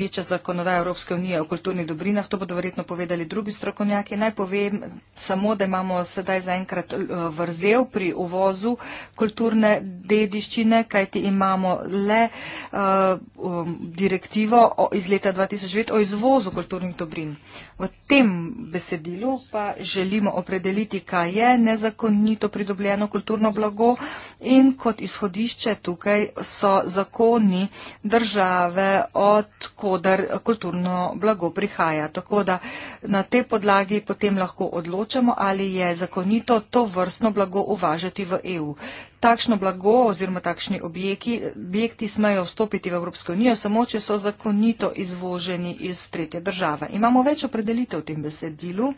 Večja zakonodaja Evropske unije o kulturnih dobrinah, to bodo verjetno povedali drugi strokovnjaki. Naj povem samo, da imamo sedaj zaenkrat eh, vrzel pri uvozu kulturne dediščine, kajti imamo le uh, direktivo iz leta 2009 o izvozu kulturnih dobrin. V tem besedilu pa želimo opredeliti, kaj je nezakonito pridobljeno kulturno blago in kot izhodišče tukaj so zakoni države od kulturnih dobrin odkudar kulturno blago prihaja. Tako da na te podlagi potem lahko odločamo, ali je zakonito to vrstno blago uvažati v EU. Takšno blago oziroma takšni objekti, objekti smejo vstopiti v Evropsko unijo samo, če so zakonito izvoženi iz tretje države. Imamo več opredelitev v tem besedilu.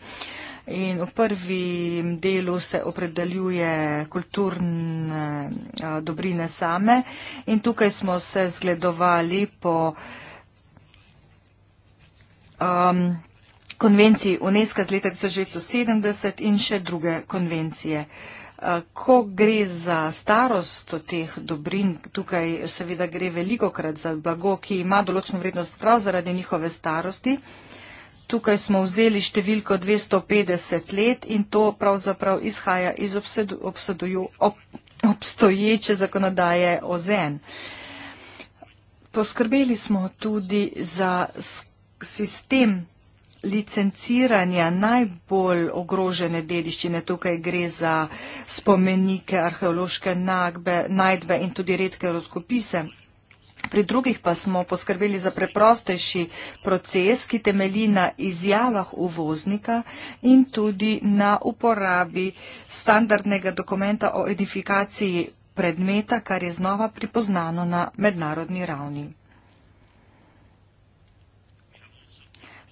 In v prvem delu se opredeljuje kulturne eh, dobrine same in tukaj smo se zgledovali po um, konvenciji UNESCO z leta 1970 in še druge konvencije. Uh, ko gre za starost teh dobrin, tukaj seveda gre veliko krat za blago, ki ima določeno vrednost prav zaradi njihove starosti. Tukaj smo vzeli številko 250 let in to pravzaprav izhaja iz obsedu, obsedujo, ob, obstoječe zakonodaje OZN. Poskrbeli smo tudi za skrb sistem licenciranja najbolj ogrožene dediščine. Tukaj gre za spomenike, arheološke nagbe, najdbe in tudi redke rozkopise. Pri drugih pa smo poskrbeli za preprostejši proces, ki temelji na izjavah uvoznika in tudi na uporabi standardnega dokumenta o edifikaciji predmeta, kar je znova pripoznano na mednarodni ravni.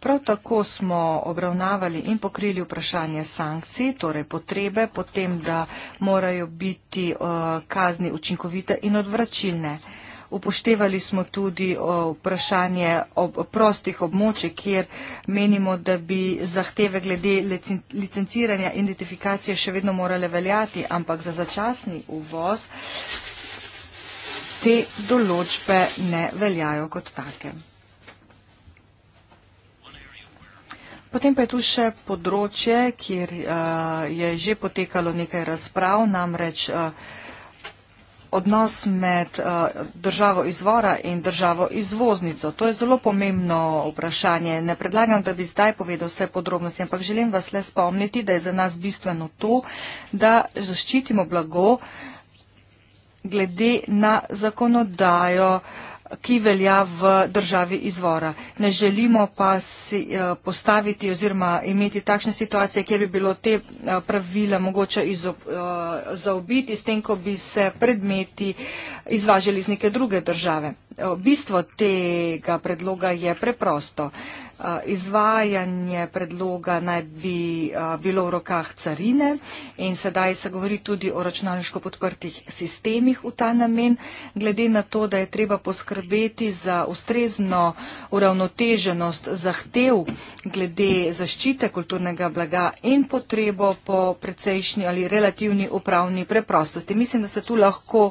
Prav tako smo obravnavali in pokrili vprašanje sankcij, torej potrebe, potem, da morajo biti eh, kazni učinkovite in odvračilne. Upoštevali smo tudi eh, vprašanje ob prostih območij, kjer menimo, da bi zahteve glede licenciranja in identifikacije še vedno morale veljati, ampak za začasni uvoz te določbe ne veljajo kot take. Potem pa je tu še področje, kjer uh, je že potekalo nekaj razprav, namreč uh, odnos med uh, državo izvora in državo izvoznico. To je zelo pomembno vprašanje. Ne predlagam, da bi zdaj povedal vse podrobnosti, ampak želim vas le spomniti, da je za nas bistveno to, da zaščitimo blago glede na zakonodajo. Uh, ki velja v državi izvora. Ne želimo pa si eh, postaviti oziroma imeti takšne situacije, kjer bi bilo te eh, pravile mogoče eh, zaobiti s tem, ko bi se predmeti izvažali iz neke druge države. Bistvo tega predloga je preprosto. Izvajanje predloga naj bi bilo v rokah carine in sedaj se govori tudi o računalniško podprtih sistemih v ta namen. Glede na to, da je treba poskrbeti za ustrezno uravnoteženost zahtev glede zaščite kulturnega blaga in potrebo po precejšnji ali relativni upravni preprostosti. Mislim, da se tu lahko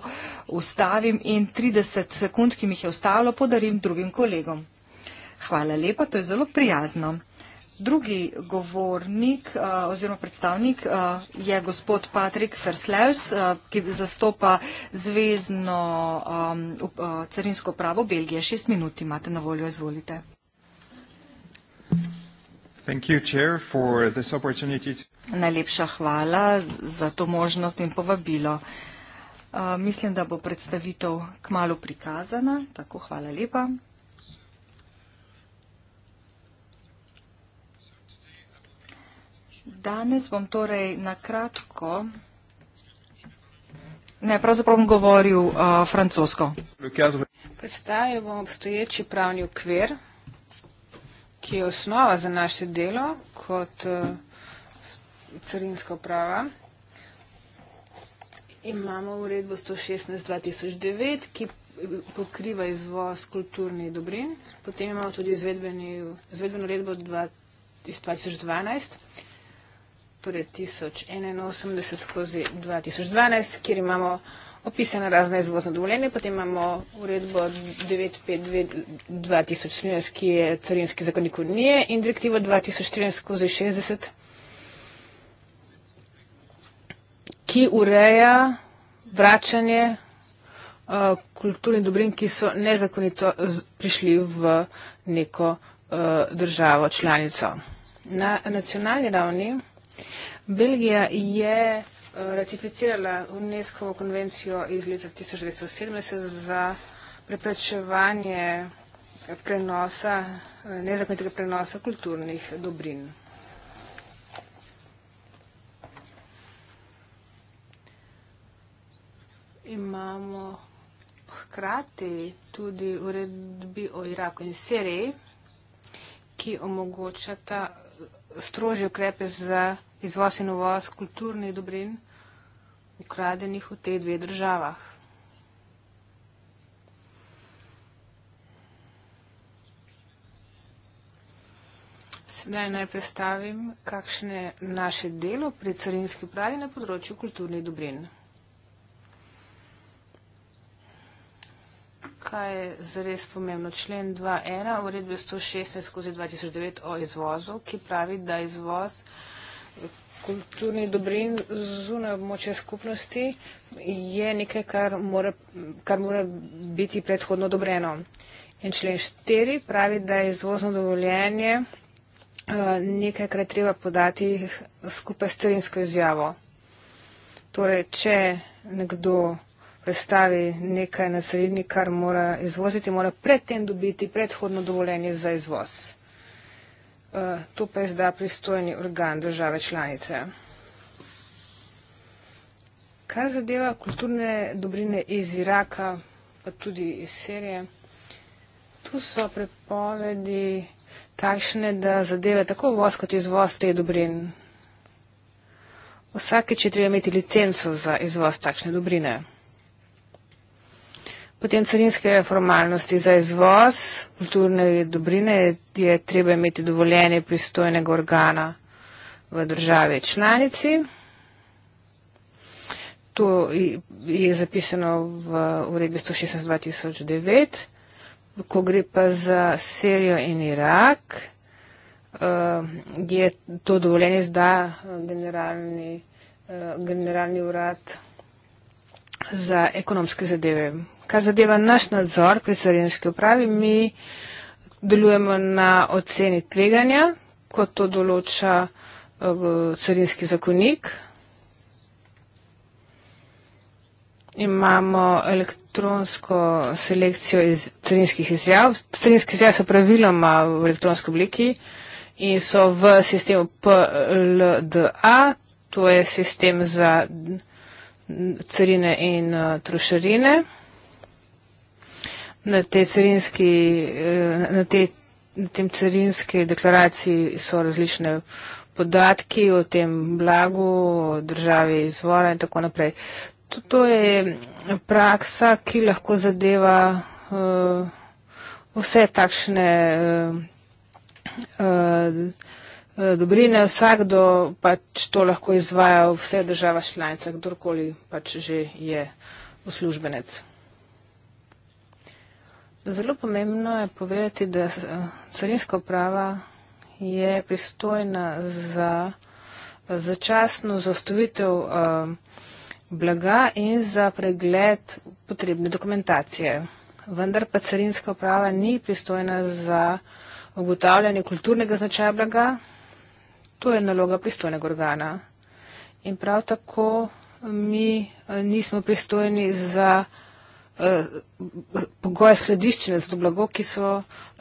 ustavim in 30 sekund, ki mi jih je ostalo, podarim drugim kolegom. Hvala lepa, to je zelo prijazno. Drugi govornik eh, oziroma predstavnik eh, je gospod Patrik Ferslevs, eh, ki zastopa zvezno carinsko pravo Belgije. Šest minut imate na voljo, izvolite. Najlepša hvala za to možnost in povabilo. Mislim, da bo predstavitev k malu prikazana, tako hvala lepa. Danes bom torej na kratko, ne, pravzaprav bom govoril uh, francosko. Predstavil bom obstoječi pravni okvir, ki je osnova za naše delo kot uh, carinska uprava. Imamo uredbo 116-2009, ki uh, pokriva izvoz kulturnih dobrin. Potem imamo tudi izvedbeno uredbo 2, iz 2012 torej 1081 skozi 2012, kjer imamo opisane razne izvozne dovoljenje, potem imamo uredbo 952-2013, ki je carinski zakonnik Unije in direktivo 2013 skozi 60, ki ureja vračanje uh, kulturnih dobrin, ki so nezakonito prišli v neko uh, državo članico. Na nacionalni ravni Belgija je eh, ratificirala UNESCO konvencijo iz leta 1970 za preprečevanje prenosa, eh, nezakonitega prenosa kulturnih dobrin. Imamo hkrati tudi uredbi o Iraku in Siriji, ki omogočata strožje ukrepe za izvoz in uvoz kulturnih dobrin, ukradenih v teh dveh državah. Sedaj naj predstavim, kakšne naše delo pri carinski upravi na področju kulturnih dobrin. kaj je zares pomembno. Člen 2.1 uredbe 116 skozi 2009 o izvozu, ki pravi, da izvoz kulturnih dobrin zunaj območja skupnosti je nekaj, kar mora, kar mora biti predhodno odobreno. In člen 4 pravi, da je izvozno dovoljenje eh, nekaj, kar treba podati skupaj s carinsko izjavo. Torej, če nekdo predstavi nekaj naselini, kar mora izvoziti, mora predtem dobiti predhodno dovoljenje za izvoz. Eh, to pa izda pristojni organ države članice. Kar zadeva kulturne dobrine iz Iraka, pa tudi iz Sirije, tu so prepovedi takšne, da zadeve tako voz kot izvoz te dobrin. Vsake, če treba imeti licenco za izvoz takšne dobrine. Potem carinske formalnosti za izvoz kulturne dobrine je treba imeti dovoljenje pristojnega organa v državi članici. To je zapisano v uredbi 116.2009. Ko gre pa za Serijo in Irak, eh, je to dovoljenje zda generalni, eh, generalni urad za ekonomske zadeve Kar zadeva naš nadzor pri carinski upravi, mi delujemo na oceni tveganja, kot to določa carinski eh, zakonik. Imamo elektronsko selekcijo iz carinskih izjav. Carinske izjav so praviloma v elektronski obliki in so v sistemu PLDA, to je sistem za carine in eh, trošarine na tej carinski, eh, na te, na tem carinski deklaraciji so različne podatki o tem blagu, o državi izvora in tako naprej. To, to je praksa, ki lahko zadeva uh, vse takšne uh, uh, dobrine. Vsak, kdo pač to lahko izvaja v vseh državah članicah, kdorkoli pač že je uslužbenec. Zelo pomembno je povedati, da eh, carinska uprava je pristojna za eh, začasno zastavitev eh, blaga in za pregled potrebne dokumentacije. Vendar pa carinska uprava ni pristojna za ugotavljanje kulturnega značaja blaga. To je naloga pristojnega organa. In prav tako mi nismo pristojni za. Eh, pogoje skladiščenja za to blago, ki so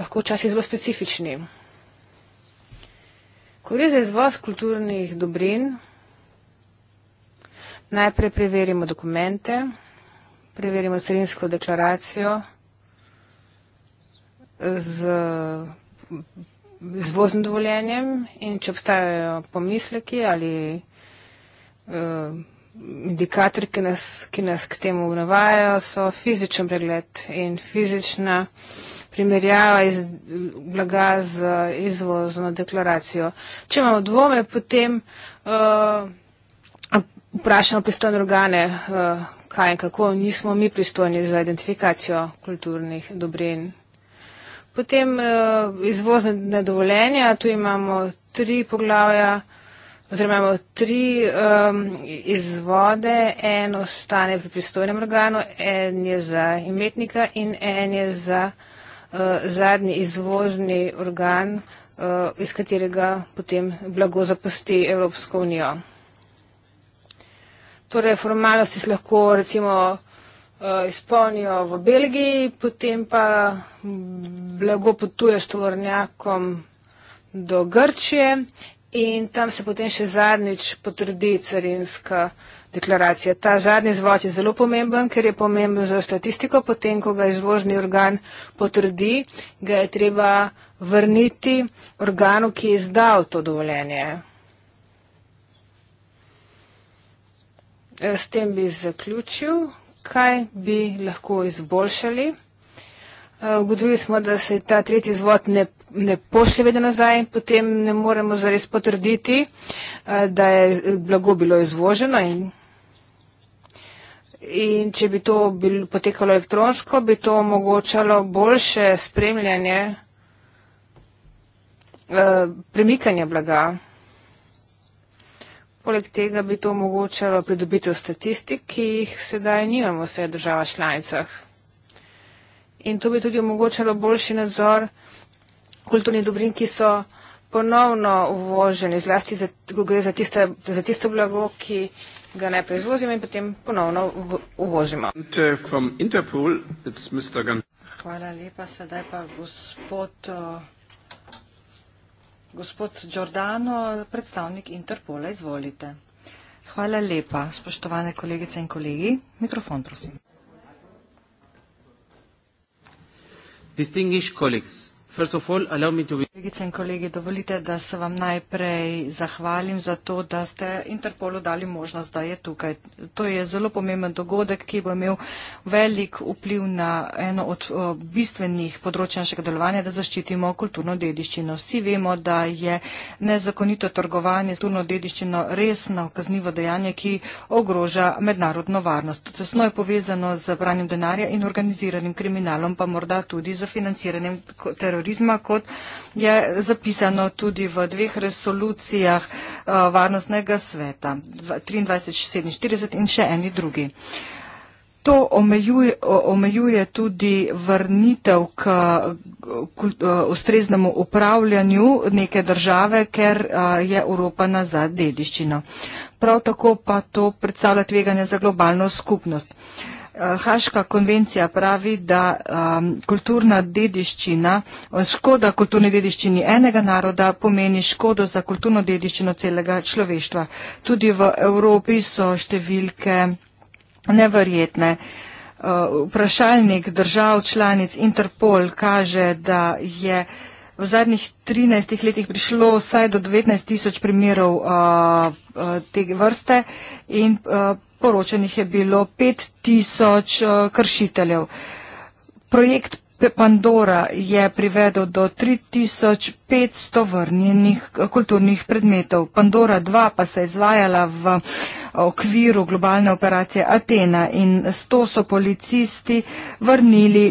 lahko včasih zelo specifični. Ko gre za izvoz kulturnih dobrin, najprej preverimo dokumente, preverimo carinsko deklaracijo z izvoznim dovoljenjem in če obstajajo pomisleki ali uh, indikatorji, ki, ki nas k temu navajajo, so fizičen pregled in fizična primerjava iz blaga z izvozno deklaracijo. Če imamo dvome, potem uh, vprašamo pristojne organe, uh, kaj in kako nismo mi pristojni za identifikacijo kulturnih dobrin. Potem uh, eh, izvozne nedovoljenja, tu imamo tri poglavja. Uh, oziroma imamo tri um, izvode, en ostane pri pristojnem organu, en je za imetnika in en je za uh, zadnji izvozni organ, uh, iz katerega potem blago zapusti Evropsko unijo. Torej, formalnosti se lahko recimo uh, izpolnijo v Belgiji, potem pa blago potuje s tovornjakom do Grčije in tam se potem še zadnjič potrdi carinska deklaracija. Ta zadnji zvod je zelo pomemben, ker je pomemben za statistiko. Potem, ko ga izvozni organ potrdi, ga je treba vrniti organu, ki je izdal to dovoljenje. Eh, s tem bi zaključil, kaj bi lahko izboljšali. Eh, ugotovili smo, da se ta tretji zvod ne ne pošlje vedno nazaj in potem ne moremo zares potrditi, eh, da je blago bilo izvoženo. In, in če bi to bil, potekalo elektronsko, bi to omogočalo boljše spremljanje eh, premikanja blaga. Poleg tega bi to omogočalo pridobitev statistik, ki jih sedaj nimamo v vseh državah članicah. In to bi tudi omogočalo boljši nadzor uh, kulturni dobrin, ki so ponovno uvoženi, zlasti za, ko gre za, tiste, za tisto blago, ki ga najprej izvozimo in potem ponovno v, uvožimo. Hvala lepa, sedaj pa gospod. Gospod Giordano, predstavnik Interpola, izvolite. Hvala lepa, spoštovane kolegice in kolegi. Mikrofon, prosim. Distinguished colleagues, Kolegice in kolegi, dovolite, da se vam najprej zahvalim za to, da ste Interpolu dali možnost, da je tukaj. To je zelo pomemben dogodek, ki bo imel velik vpliv na eno od bistvenih področja našega delovanja, da zaščitimo kulturno dediščino. Vsi vemo, da je nezakonito trgovanje s kulturno dediščino resno kaznivo dejanje, ki ogroža mednarodno varnost. Tesno je povezano z branjem denarja in organiziranim kriminalom, pa morda tudi z financiranjem terorizma terorizma, kot je zapisano tudi v dveh resolucijah eh, Varnostnega sveta 2347 in še eni drugi. To omejuje, omejuje tudi vrnitev k, k eh, ustreznemu upravljanju neke države, ker eh, je Evropana za dediščino. Prav tako pa to predstavlja tveganje za globalno skupnost. Haška konvencija pravi, da um, kulturna dediščina, škoda kulturni dediščini enega naroda pomeni škodo za kulturno dediščino celega človeštva. Tudi v Evropi so številke neverjetne. Uh, vprašalnik držav članic Interpol kaže, da je v zadnjih 13 letih prišlo vsaj do 19 tisoč primerov uh, uh, te vrste in uh, poročenih je bilo 5000 eh, kršiteljev. Projekt Pandora je privedel do 3500 vrnjenih eh, kulturnih predmetov. Pandora 2 pa se je izvajala v eh, okviru globalne operacije Atena in s to so policisti vrnili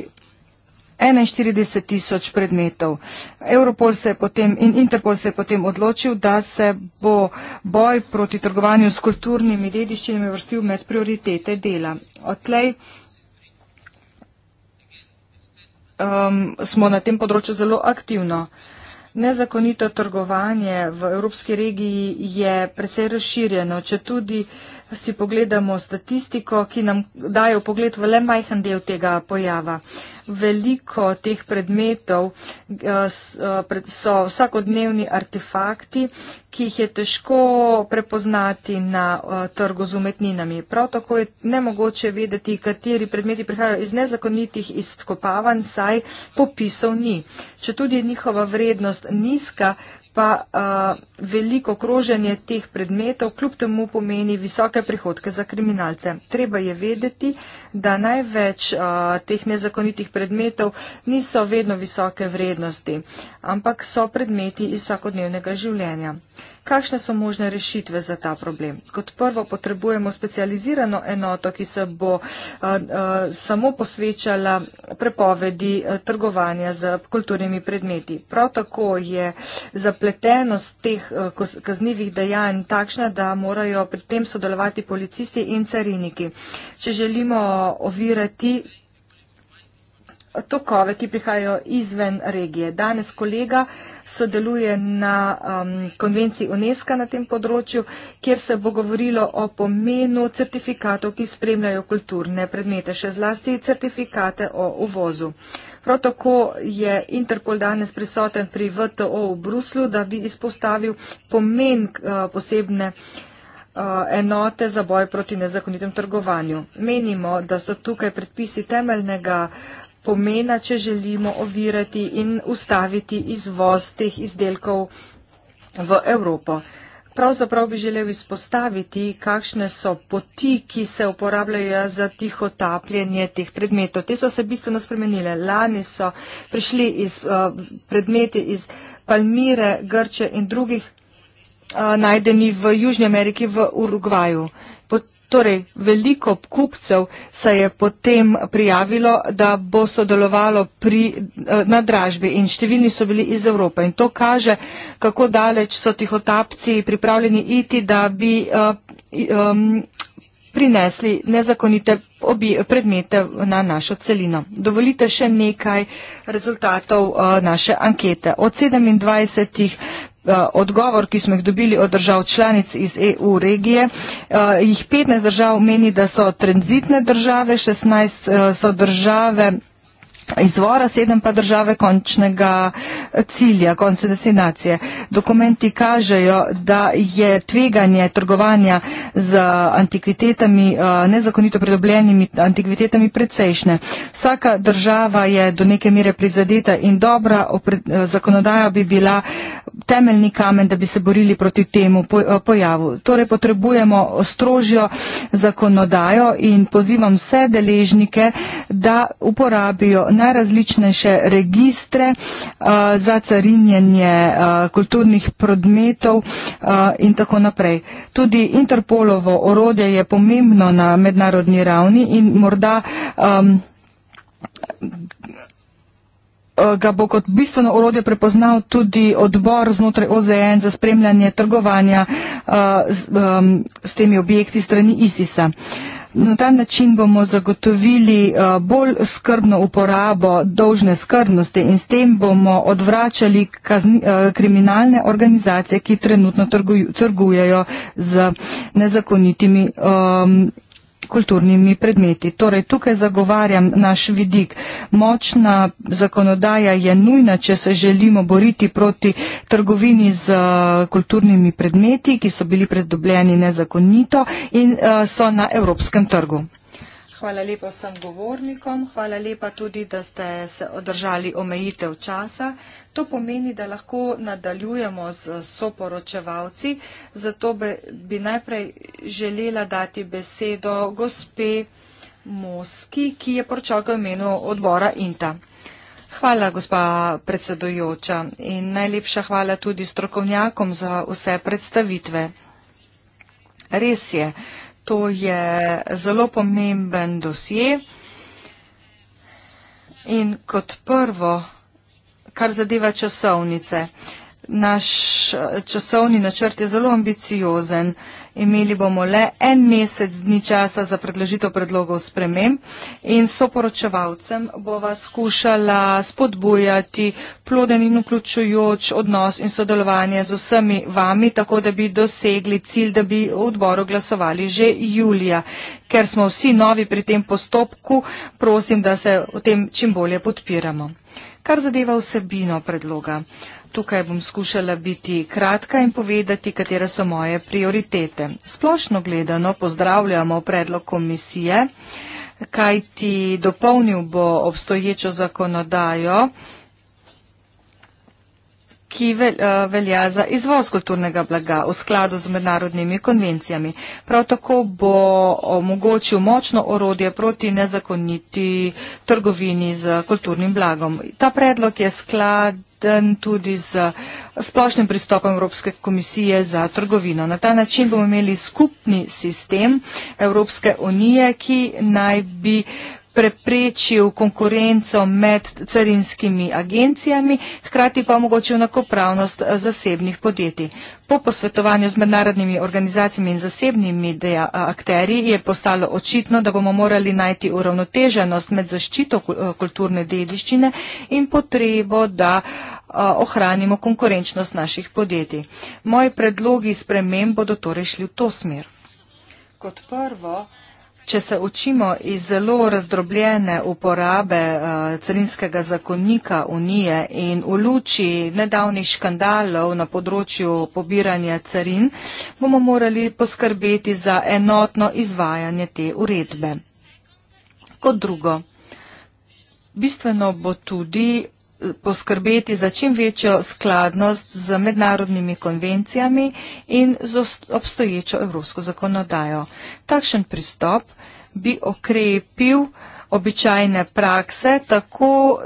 41 tisoč predmetov. Europol se je potem in Interpol se je potem odločil, da se bo boj proti trgovanju s kulturnimi dediščinami vrstil med prioritete dela. Odtlej um, smo na tem področju zelo aktivno. Nezakonito trgovanje v evropski regiji je precej razširjeno, če tudi uh, si pogledamo statistiko, ki nam dajo pogled v le majhen del tega pojava. Veliko teh predmetov eh, eh, so vsakodnevni artefakti, ki jih je težko prepoznati na eh, trgu z umetninami. Prav tako je nemogoče vedeti, kateri predmeti prihajajo iz nezakonitih izkopavanj, saj popisov ni. Če tudi je njihova vrednost nizka, pa uh, veliko kroženje teh predmetov kljub temu pomeni visoke prihodke za kriminalce. Treba je vedeti, da največ uh, teh nezakonitih predmetov niso vedno visoke vrednosti, ampak so predmeti iz vsakodnevnega življenja. Uh, Kakšne so možne rešitve za ta problem? Kot prvo potrebujemo specializirano enoto, ki se bo uh, uh, samo posvečala prepovedi uh, trgovanja z kulturnimi predmeti. Prav tako je zapletenost teh uh, kaznivih dejanj takšna, da morajo pri tem sodelovati policisti in cariniki. Če želimo ovirati tokove, ki prihajajo izven regije. Danes kolega sodeluje na um, konvenciji UNESCO na tem področju, kjer se bo govorilo o pomenu certifikatov, ki spremljajo kulturne predmete, še zlasti certifikate o uvozu. Prav tako je Interpol danes prisoten pri VTO v Bruslu, da bi izpostavil pomen uh, posebne uh, enote za boj proti nezakonitem trgovanju. Menimo, da so tukaj predpisi temeljnega uh, pomena, če želimo ovirati in ustaviti izvoz teh izdelkov v Evropo. Pravzaprav bi želel izpostaviti, kakšne so poti, ki se uporabljajo za tiho tapljenje teh predmetov. Te so se bistveno spremenile. Lani so prišli iz, uh, predmeti iz Palmire, Grče in drugih uh, najdeni v Južnji Ameriki, v Urugvaju. Torej, veliko kupcev se je potem prijavilo, da bo sodelovalo pri, eh, na dražbi in številni so bili iz Evrope. In to kaže, kako daleč so tihotapci pripravljeni iti, da bi um, prinesli nezakonite predmete na našo celino. Dovolite še nekaj rezultatov uh, naše ankete. Od 27 Eh, odgovor, ki smo jih dobili od držav članic iz EU regije. Uh, jih 15 držav meni, da so tranzitne države, 16 uh, eh, so države izvora, sedem pa države končnega cilja, konce destinacije. Dokumenti kažejo, da je tveganje trgovanja z antikvitetami, nezakonito pridobljenimi antikvitetami precejšne. Vsaka država je do neke mere prizadeta in dobra zakonodaja bi bila uh, temeljni kamen, da bi se borili proti temu eh, pojavu. Torej potrebujemo strožjo zakonodajo in pozivam vse deležnike, da uporabijo najrazličnejše registre eh, za carinjenje eh, kulturnih predmetov in tako naprej. Tudi Interpolovo orodje je pomembno na mednarodni ravni in morda. Eh, ga bo kot bistveno orodje prepoznal tudi odbor znotraj OZN za spremljanje trgovanja eh, s temi objekti strani ISIS-a. Na ta način bomo zagotovili eh, bolj skrbno uporabo dolžne skrbnosti in s tem bomo odvračali kazni, kriminalne organizacije, ki trenutno trgujejo z nezakonitimi um, kulturnimi predmeti. Torej, tukaj zagovarjam naš vidik. Močna zakonodaja je nujna, če se želimo boriti proti trgovini z eh, kulturnimi predmeti, ki so bili predobljeni nezakonito in eh, so na evropskem trgu. Hvala lepa vsem govornikom, hvala lepa tudi, da ste se održali omejitev časa. To pomeni, da lahko nadaljujemo z soporočevalci, zato bi najprej želela dati besedo gospe Moski, ki je poročalka v imenu odbora INTA. Hvala, gospa predsedojoča, in najlepša hvala tudi strokovnjakom za vse predstavitve. Res je. To je zelo pomemben dosje. In kot prvo, kar zadeva časovnice. Naš eh, časovni načrt je zelo ambiciozen. Imeli bomo le en mesec dni časa za predložitev predlogov sprememb in soporočevalcem bova skušala spodbujati ploden in vključujoč odnos in sodelovanje z vsemi vami, tako da bi dosegli cilj, da bi v odboru glasovali že julija. Ker smo vsi novi pri tem postopku, prosim, da se v tem čim bolje podpiramo. Kar zadeva vsebino predloga. Tukaj bom skušala biti kratka in povedati, katere so moje prioritete. Splošno gledano pozdravljamo predlog komisije, kaj ti dopolnil bo obstoječo zakonodajo ki eh, velja za izvoz kulturnega blaga v skladu z mednarodnimi konvencijami. Prav tako bo omogočil močno orodje proti nezakoniti trgovini z kulturnim blagom. Ta predlog je sklad tudi z splošnim pristopom Evropske komisije za trgovino. Na ta način bomo imeli skupni sistem Evropske unije, ki naj bi preprečil konkurenco med carinskimi agencijami, hkrati pa omogočil enakopravnost eh, zasebnih podjetij. Po posvetovanju z mednarodnimi organizacijami in zasebnimi deja, eh, akteri je postalo očitno, da bomo morali najti uravnoteženost med zaščito eh, kulturne dediščine in potrebo, da ohranimo konkurenčnost naših podjetij. Moji predlogi sprememb bodo torej šli v to smer. Kot prvo, Če se učimo iz zelo razdrobljene uporabe eh, carinskega zakonnika Unije in v luči nedavnih škandalov na področju pobiranja carin, bomo morali poskrbeti za enotno izvajanje te uredbe. Kot drugo, bistveno bo tudi poskrbeti za čim večjo skladnost z mednarodnimi konvencijami in z obstoječo evropsko zakonodajo. Takšen pristop bi okrepil običajne prakse tako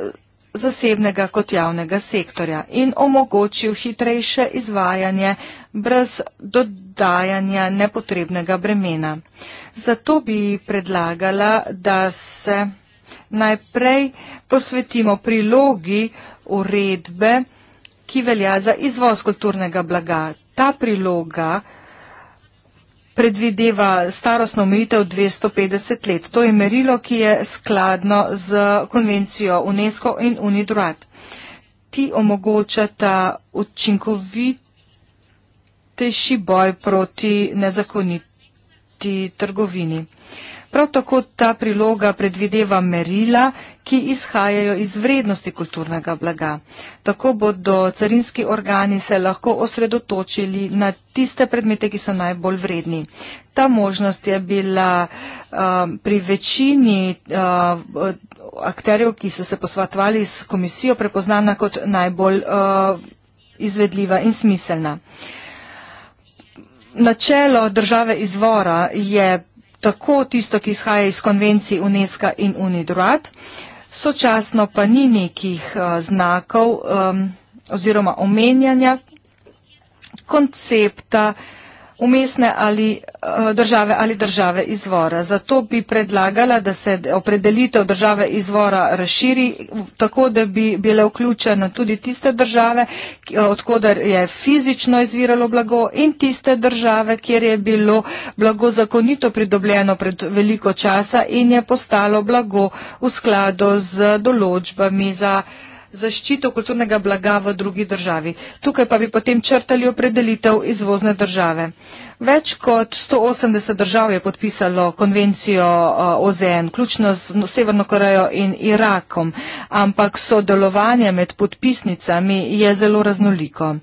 zasebnega kot javnega sektorja in omogočil hitrejše izvajanje brez dodajanja nepotrebnega bremena. Zato bi predlagala, da se najprej posvetimo prilogi uredbe, ki velja za izvoz kulturnega blaga. Ta priloga predvideva starostno omejitev 250 let. To je merilo, ki je skladno z konvencijo UNESCO in UNIDROAT. Ti omogočata učinkovitejši boj proti nezakoniti trgovini. Uh, Prav tako ta priloga predvideva merila, ki izhajajo iz vrednosti kulturnega blaga. Tako bodo carinski organi se lahko osredotočili na tiste predmete, ki so najbolj vredni. Ta možnost je bila um, pri večini uh, akterjev, ki so se posvatovali s komisijo, prepoznana kot najbolj uh, izvedljiva in smiselna. Načelo države izvora je tako tisto, ki izhaja iz konvencij UNESCO in UNIDROAT, sočasno pa ni nekih uh, znakov um, oziroma omenjanja koncepta uh, umestne ali eh, države ali države izvora. Zato bi predlagala, da se opredelitev države izvora razširi tako, da bi bile vključene tudi tiste države, eh, odkudar je fizično izviralo blago in tiste države, kjer je bilo blago zakonito pridobljeno pred veliko časa in je postalo blago v skladu z določbami za zaščito kulturnega blaga v drugi državi. Tukaj pa bi potem črtali opredelitev izvozne države. Več kot 180 držav je podpisalo konvencijo eh, OZN, ključno s Severno Korejo in Irakom, ampak sodelovanje med podpisnicami je zelo raznoliko.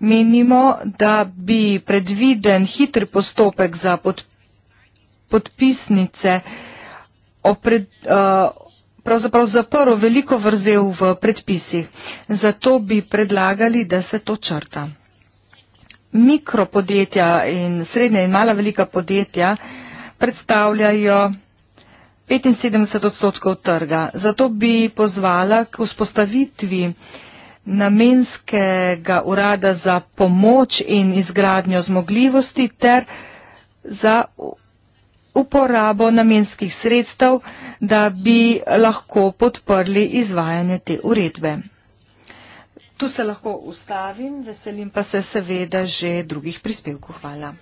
Menimo, da bi predviden hitri postopek za podpisnice opred, uh, pravzaprav zaprl veliko vrzel v predpisih. Zato bi predlagali, da se to črta. Mikropodjetja in srednja in mala velika podjetja predstavljajo 75 odstotkov trga. Zato bi pozvala k vzpostavitvi namenskega urada za pomoč in izgradnjo zmogljivosti ter za uporabo namenskih sredstev, da bi lahko podprli izvajanje te uredbe. Tu se lahko ustavim, veselim pa se seveda že drugih prispevkov. Hvala.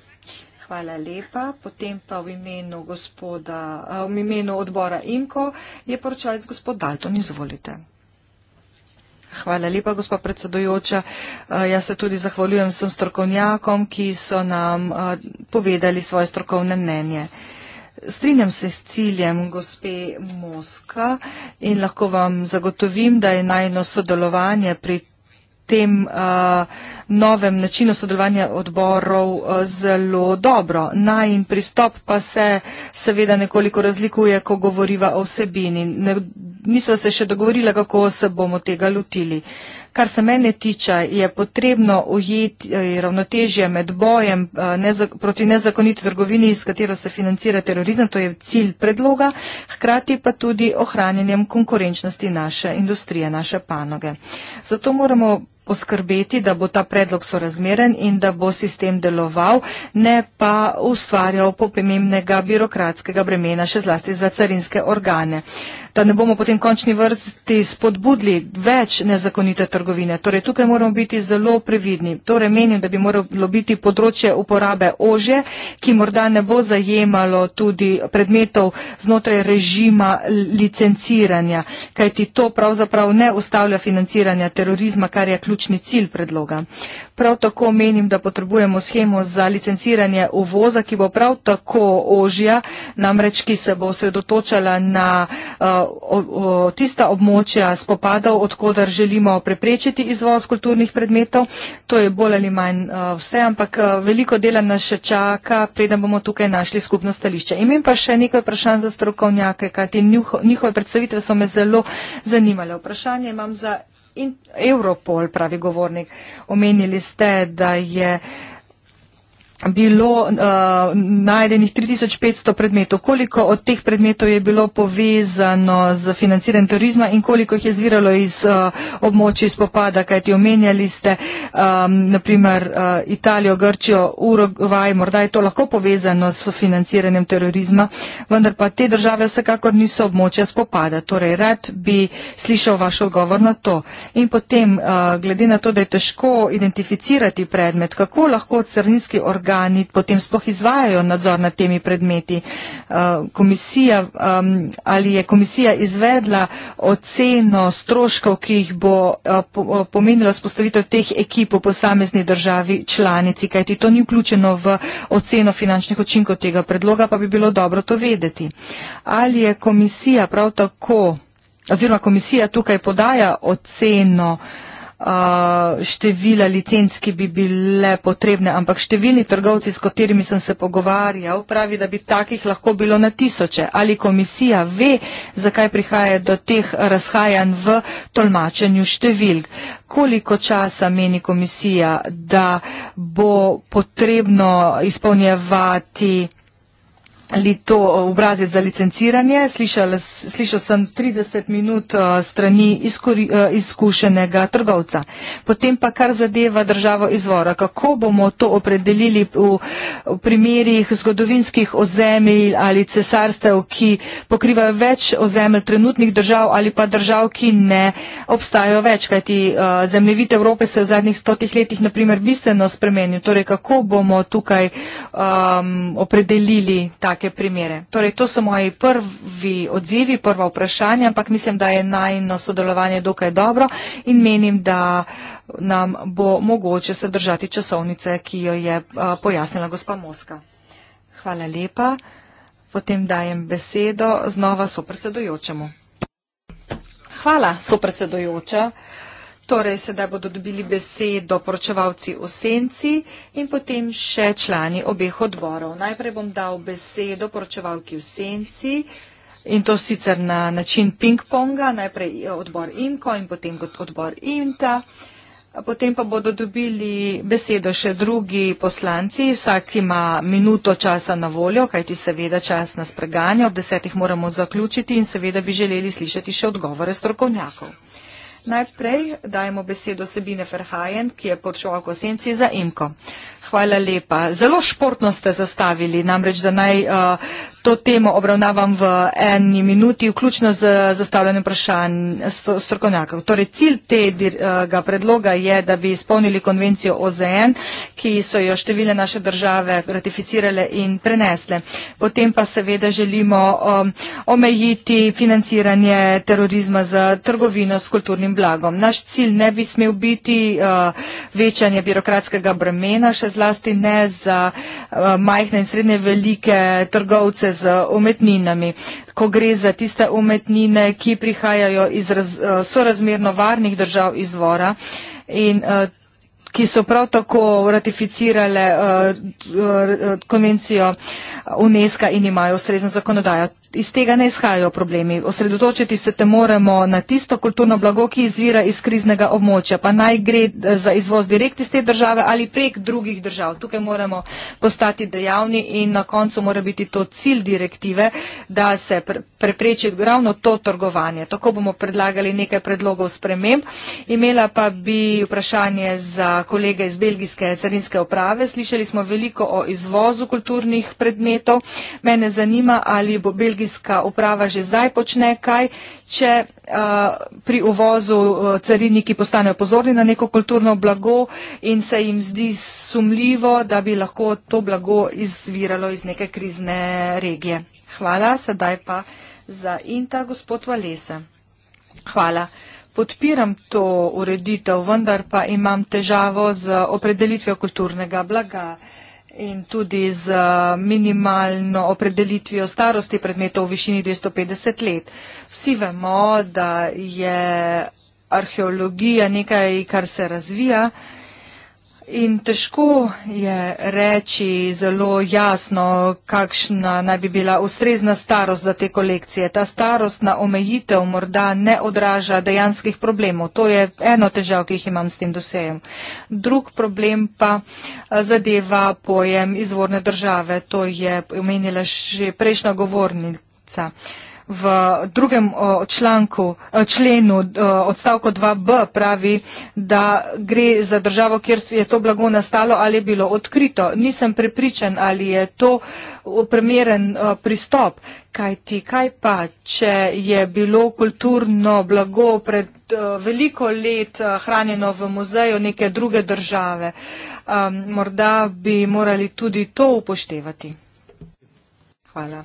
Hvala lepa. Potem pa v imenu, gospoda, eh, v imenu odbora IMKO je poročalec gospod Dalton. Izvolite. Hvala lepa, gospod predsedojoča. Eh, jaz se tudi zahvaljujem vsem strokovnjakom, ki so nam eh, povedali svoje strokovne mnenje. Strinjam se s ciljem gospe Moska in lahko vam zagotovim, da je najno sodelovanje pri tem uh, novem načinu sodelovanja odborov uh, zelo dobro. Naj in pristop pa se seveda nekoliko razlikuje, ko govoriva o vsebini. Nisva se še dogovorila, kako se bomo tega lotili. Uh, kar se mene tiče, je potrebno ujeti eh, ravnotežje med bojem eh, proti nezakoniti trgovini, s katero se financira terorizem, to je cilj predloga, hkrati pa tudi ohranjanjem konkurenčnosti naše industrije, naše panoge. Zato moramo poskrbeti, da bo ta predlog sorazmeren in da bo sistem deloval, ne pa ustvarjal popemimnega birokratskega bremena, še zlasti za carinske organe. Uh, da ne bomo potem končni vrsti spodbudili več nezakonite trgovine. Torej, tukaj moramo biti zelo previdni. Torej, menim, da bi moralo biti področje uporabe ože, ki morda ne bo zajemalo tudi predmetov znotraj režima licenciranja, kajti to pravzaprav ne ustavlja financiranja terorizma, kar je ključni cilj predloga. Prav tako menim, da potrebujemo schemo za licenciranje uvoza, ki bo prav tako ožja, namreč ki se bo osredotočala na uh, o, o, tista območja spopadov, odkudar želimo preprečiti izvoz kulturnih predmetov. To je bolj ali manj o, eh, vse, ampak eh, veliko dela nas še čaka, preden bomo tukaj našli skupno stališče. Imam pa še nekaj vprašanj za strokovnjake, kajti njuho, njihove predstavitve so me zelo zanimale. Vprašanje imam za in, Europol, pravi govornik. Omenili ste, da je bilo uh, najdenih 3500 predmetov. Koliko od teh predmetov je bilo povezano z financiranjem turizma in koliko jih je zviralo iz uh, eh, območja spopada, kajti omenjali ste um, ehm, naprimer uh, eh, Italijo, Grčijo, Urugvaj, morda je to lahko povezano s financiranjem terorizma, vendar pa te države vsekakor niso območja spopada. Torej, rad bi slišal vaš odgovor na to. In potem, uh, glede na to, da je težko identificirati predmet, kako lahko crninski organ organi potem sploh izvajajo nadzor nad temi predmeti. Eh, komisija, ali je komisija izvedla oceno stroškov, ki jih bo eh, eh, pomenila spostavitev teh ekip v posamezni državi članici, kajti to ni vključeno v oceno finančnih očinkov tega predloga, pa bi bilo dobro to vedeti. Ali je komisija prav tako, oziroma komisija tukaj podaja oceno, števila licenc, ki bi bile potrebne, ampak številni trgovci, s katerimi sem se pogovarjal, pravi, da bi takih lahko bilo na tisoče. Ali komisija ve, zakaj prihaja do teh razhajanj v tolmačenju številk? Koliko časa meni komisija, da bo potrebno izpolnjevati li to obrazec za licenciranje. Slišal, slišal sem 30 minut eh, strani eh, izkušenega trgovca. Potem pa kar zadeva državo izvora. Kako bomo to opredelili v, v primerih zgodovinskih ozemelj ali cesarstev, ki pokrivajo več ozemelj trenutnih držav ali pa držav, ki ne obstajajo več, kajti eh, zemljevite Evrope se v zadnjih stotih letih naprimer bistveno spremenil. Torej, kako bomo tukaj um, opredelili tak take primere. Torej, to so moji prvi odzivi, prva vprašanja, ampak mislim, da je najno sodelovanje dokaj dobro in menim, da nam bo mogoče se držati časovnice, ki jo je pojasnila gospa Moska. Hvala lepa. Potem dajem besedo znova sopredsedujočemu. Hvala, sopredsedujoča. Torej, sedaj bodo dobili besedo poročevalci v senci in potem še člani obeh odborov. Najprej bom dal besedo poročevalki v senci in to sicer na način ping-ponga, najprej odbor Inko in potem odbor Inta. Potem pa bodo dobili besedo še drugi poslanci, vsak ima minuto časa na voljo, kajti seveda čas nas preganja, ob desetih moramo zaključiti in seveda bi želeli slišati še odgovore strokovnjakov. Najprej dajemo besedo Sabine Ferhajen, ki je počoval v senci za imko. Hvala lepa. Zelo športno ste zastavili, namreč da naj uh, to temo obravnavam v eni minuti, vključno z zastavljanjem vprašanj strokovnjakov. Torej, cilj tega uh, predloga je, da bi izpolnili konvencijo OZN, ki so jo številne naše države ratificirale in prenesle. Potem pa seveda želimo um, omejiti financiranje terorizma za trgovino s kulturnim blagom. Naš cilj ne bi smel biti uh, večanje birokratskega bremena, zlasti ne za eh, majhne in srednje velike trgovce z umetninami. Ko gre za tiste umetnine, ki prihajajo iz raz, eh, sorazmerno varnih držav izvora in eh, ki so prav tako ratificirale eh, eh, eh, konvencijo UNESCO in imajo ustrezno zakonodajo. Iz tega ne izhajajo problemi. Osredotočiti se te moramo na tisto kulturno blago, ki izvira iz kriznega območja, pa naj gre za izvoz direkt iz te države ali prek drugih držav. Tukaj moramo postati dejavni in na koncu mora biti to cilj direktive, da se prepreči ravno to trgovanje. Tako bomo predlagali nekaj predlogov sprememb. Imela pa bi vprašanje za kolega iz belgijske carinske uprave. Slišali smo veliko o izvozu kulturnih predmetov. Mene zanima, ali bo belgijska uprava že zdaj počne kaj, če uh, pri uvozu eh, cariniki postanejo pozorni na neko kulturno blago in se jim zdi sumljivo, da bi lahko to blago izviralo iz neke krizne regije. Hvala, sedaj pa za Inta, gospod Valese. Hvala. Podpiram to ureditev, vendar pa imam težavo z opredelitvijo kulturnega blaga in tudi z eh, minimalno opredelitvijo starosti predmetov v višini 250 let. Vsi vemo, da je arheologija nekaj, kar se razvija. In težko je reči zelo jasno, kakšna naj bi bila ustrezna starost za te kolekcije. Ta starostna omejitev morda ne odraža dejanskih problemov. To je eno težav, ki jih imam s tem dosejem. Drug problem pa eh, zadeva pojem izvorne države. To je omenila že prejšnja govornica. Uh, v drugem članku, členu odstavko 2b pravi, da gre za državo, kjer je to blago nastalo ali je bilo odkrito. Nisem prepričan, ali je to primeren pristop. Kaj ti, kaj pa, če je bilo kulturno blago pred veliko let eh, hranjeno v muzeju neke druge države? Um, morda bi morali tudi to upoštevati. Hvala.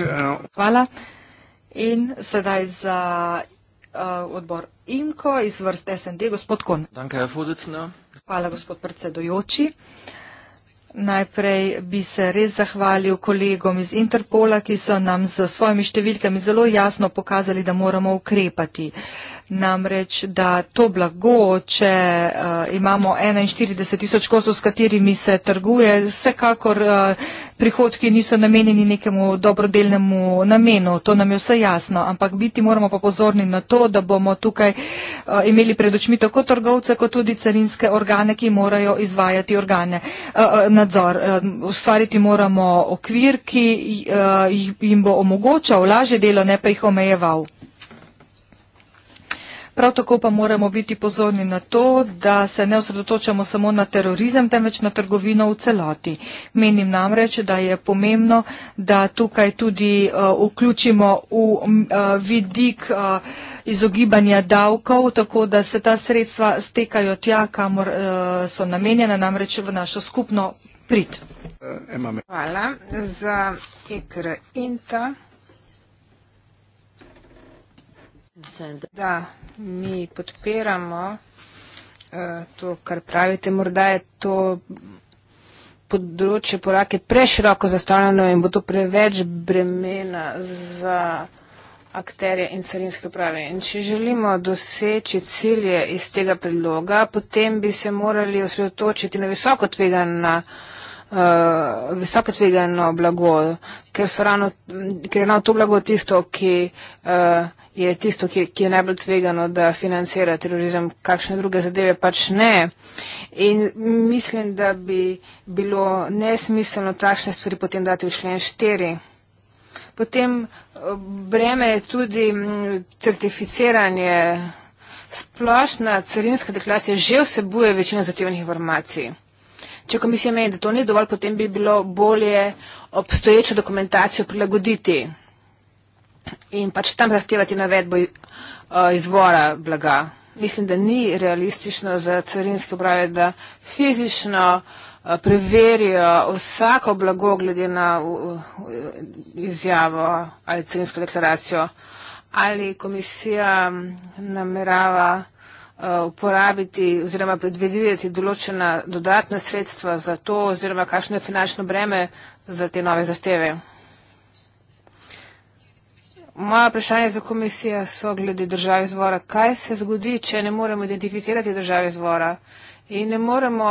Eh, Hvala. In sedaj za uh, odbor IMKO iz vrst SND, gospod Kon. Danke, Hvala, gospod predsedojoči. Najprej bi se res zahvalil kolegom iz Interpola, ki so nam z svojimi številkami zelo jasno pokazali, da moramo ukrepati. Uh, namreč, da to blago, če uh, imamo 41 tisoč kosov, s katerimi se trguje, vsekakor uh, prihodki niso namenjeni nekemu dobrodelnemu namenu, to nam je vse jasno, ampak biti moramo pa pozorni na to, da bomo tukaj uh, imeli pred očmi tako trgovce, kot tudi carinske organe, ki morajo izvajati organe, uh, uh, nadzor. Uh, ustvariti moramo okvir, ki uh, jim bo omogočal lažje delo, ne pa jih omejeval. Prav tako pa moramo biti pozorni na to, da se ne osredotočamo samo na terorizem, temveč na trgovino v celoti. Menim namreč, da je pomembno, da tukaj tudi uh, vključimo v uh, vidik uh, izogibanja davkov, tako da se ta sredstva stekajo tja, kamor uh, so namenjena, namreč v našo skupno prid. Hvala za ekra in ta. Da, mi podpiramo eh, to, kar pravite. Morda je to področje porake preširoko zastavljeno in bo to preveč bremena za akterje in carinske uprave. In če želimo doseči cilje iz tega predloga, potem bi se morali osredotočiti na visoko tvegana. Uh, visoko tvegano blago, ker, so rano, ker je ravno to blago tisto, ki uh, je tisto, ki, ki je najbolj tvegano, da financira terorizem, kakšne druge zadeve pač ne. In mislim, da bi bilo nesmiselno takšne stvari potem dati v člen 4. Potem eh, breme je tudi mm, certificiranje. Splošna carinska deklaracija že vsebuje večino zahtevnih informacij. Če komisija meni, da to ni dovolj, potem bi bilo bolje obstoječo dokumentacijo prilagoditi in pač tam zahtevati navedbo eh, izvora blaga. Mislim, da ni realistično za carinske uprave, da fizično eh, preverijo vsako blago glede na izjavo ali carinsko deklaracijo, ali komisija namerava eh, uporabiti oziroma predvideti določena dodatna sredstva za to oziroma kakšno je finančno breme za te nove zahteve. Moje vprašanje za komisijo so glede države izvora. Kaj se zgodi, če ne moremo identificirati države izvora in ne moremo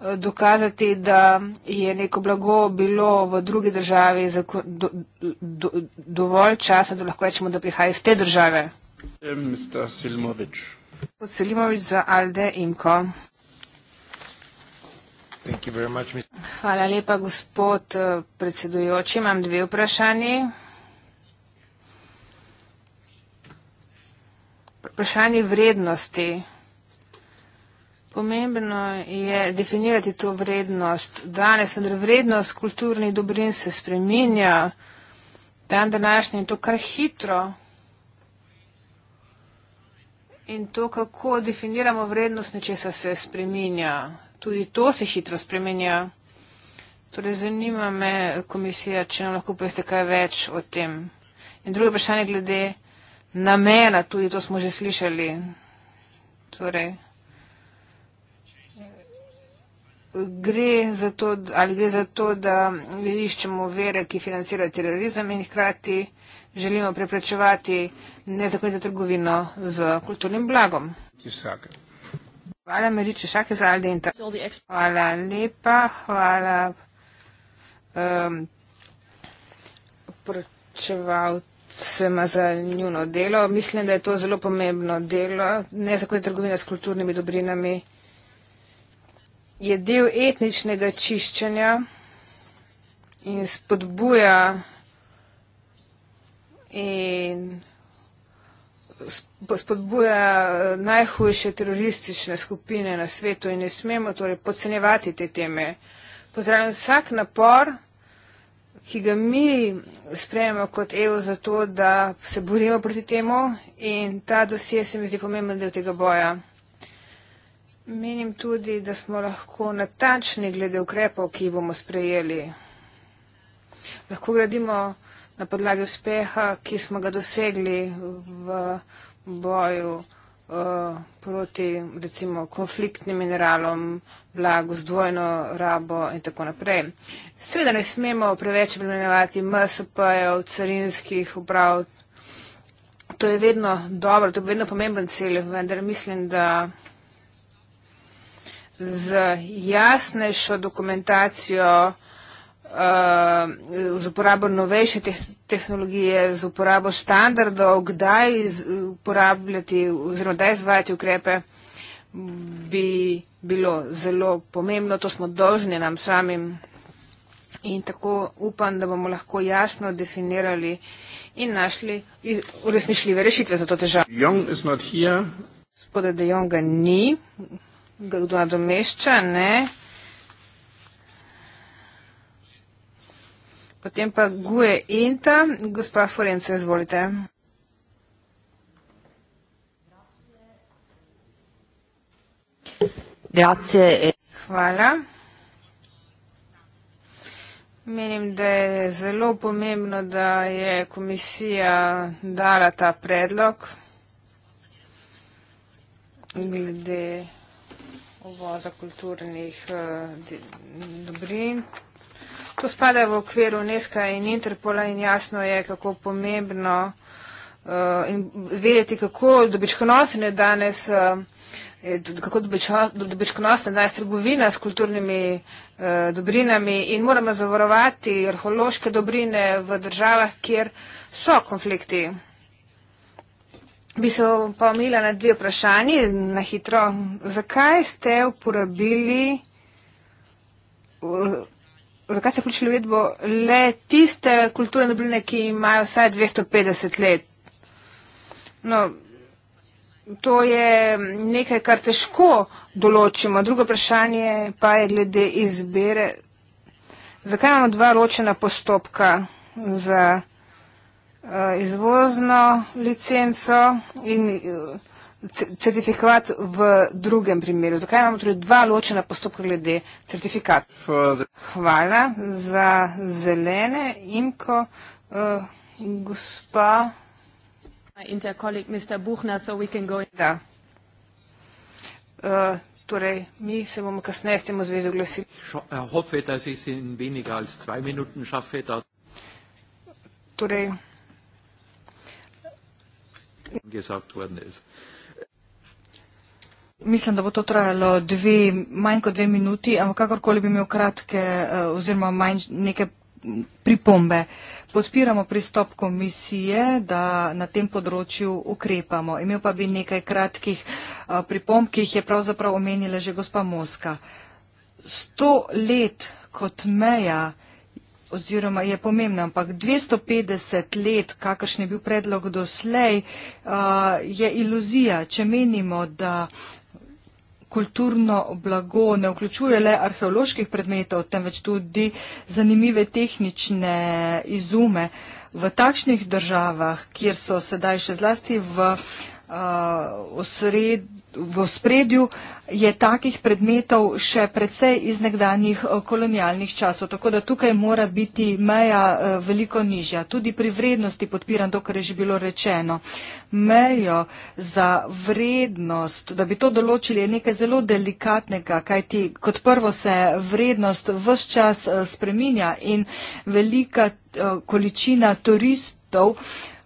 eh, dokazati, da je neko blago bilo v drugi državi za do, do, dovolj časa, da lahko rečemo, da prihaja iz te države? Eh, Mr. Silmovič. Gospod Silmovič za Alde Imko. Hvala lepa, gospod eh, predsedujoči. Imam dve vprašanje. vprašanje vrednosti. Pomembno je definirati to vrednost. Danes vendar vrednost kulturnih dobrin se spreminja. Dan današnji je to kar hitro. In to, kako definiramo vrednost nečesa, se spreminja. Tudi to se hitro spreminja. Torej, zanima me komisija, če nam lahko poveste kaj več o tem. In drugo vprašanje glede namena, tudi to smo že slišali. Torej, gre to, ali gre za to, da iščemo vere, ki financira terorizem in hkrati želimo preprečevati nezakonito trgovino z kulturnim blagom. Hvala, Meriče Šake, za Aldenta. Hvala lepa, hvala um, poročevalcu predvsem za njuno delo. Mislim, da je to zelo pomembno delo. Nezakonita trgovina s kulturnimi dobrinami je del etničnega čiščenja in spodbuja in spodbuja eh, najhujše teroristične skupine na svetu in ne smemo torej podcenjevati te teme. Pozdravljam vsak napor ki ga mi sprejemamo kot EU za to, da se borimo proti temu in ta dosje se mi zdi pomemben del tega boja. Menim tudi, da smo lahko natančni glede ukrepov, ki jih bomo sprejeli. Lahko gradimo na podlagi uspeha, ki smo ga dosegli v boju uh, proti recimo konfliktnim mineralom, blagu z dvojno rabo in tako naprej. Seveda ne smemo preveč obremenjevati MSP-jev, carinskih uprav. To je vedno dobro, to je vedno pomemben cilj, vendar mislim, da z jasnejšo dokumentacijo Eh, z uporabo novejše te tehnologije, z uporabo standardov, kdaj uporabljati oziroma kdaj izvajati ukrepe, bi bilo zelo pomembno. To smo dolžni nam samim. In tako upam, da bomo lahko jasno definirali in našli uresničljive rešitve za to težavo. Gospoda De Jonga ni, ga kdo nadomešča, ne. Potem pa Guje Inta, gospa Forence, izvolite. Grazie. Hvala. Menim, da je zelo pomembno, da je komisija dala ta predlog glede uvoza kulturnih eh, dobrin. To spada v okviru Neska in Interpola in jasno je, kako pomembno uh, in vedeti, kako dobičkonosne danes. Uh, kako dobičkonosna danes trgovina s kulturnimi eh, dobrinami in moramo zavarovati arheološke dobrine v državah, kjer so konflikti. Bi se pa omila na dve vprašanji, na hitro. Zakaj ste uporabili zakaj ste vključili uredbo le tiste kulturne dobrine, ki imajo vsaj 250 let? No, to je nekaj, kar težko določimo. Drugo vprašanje pa je glede izbere. Zakaj imamo dva ločena postopka za uh, izvozno licenco in uh, certifikat v drugem primeru? Zakaj imamo torej dva ločena postopka glede certifikat? Hvala za zelene imko, uh, gospa. Buchner, so in... Da. Uh, torej, mi se bomo kasneje s tem v zvezi oglasili. Hoffe, da si si in weniger als zwei Minuten schaffe, da. Torej. Gesagt worden ist. Mislim, da bo to trajalo dve, manj kot dve minuti, ampak kakorkoli bi imel kratke eh, oziroma manj neke pripombe. Podpiramo pristop komisije, da na tem področju ukrepamo. Imel pa bi nekaj kratkih eh, pripomb, ki jih je pravzaprav omenila že gospa Moska. Sto let kot meja oziroma je pomembna, ampak 250 let, kakršen je bil predlog doslej, eh, je iluzija. Če menimo, da kulturno blago ne vključuje le arheoloških predmetov, temveč tudi zanimive tehnične izume. V takšnih državah, kjer so sedaj še zlasti v uh, osred, v spredju je takih predmetov še precej iz nekdanjih eh, kolonialnih časov, tako da tukaj mora biti meja eh, veliko nižja. Tudi pri vrednosti podpiram to, kar je že bilo rečeno. Mejo za vrednost, da bi to določili, je nekaj zelo delikatnega, kajti kot prvo se vrednost vse čas eh, spreminja in velika količina turistov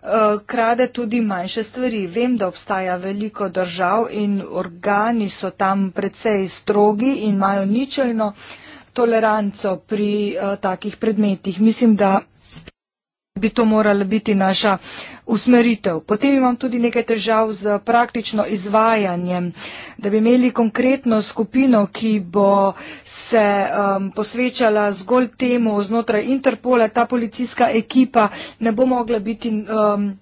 Eh, krade tudi manjše stvari. Vem, da obstaja veliko držav in organi so tam precej strogi in imajo ničelno toleranco pri uh, takih predmetih. Mislim, da bi to morala biti naša usmeritev. Potem imam tudi nekaj težav z praktično izvajanjem, da bi imeli konkretno skupino, ki bo se um, posvečala zgolj temu znotraj Interpola, ta policijska ekipa ne bo mogla biti. Um,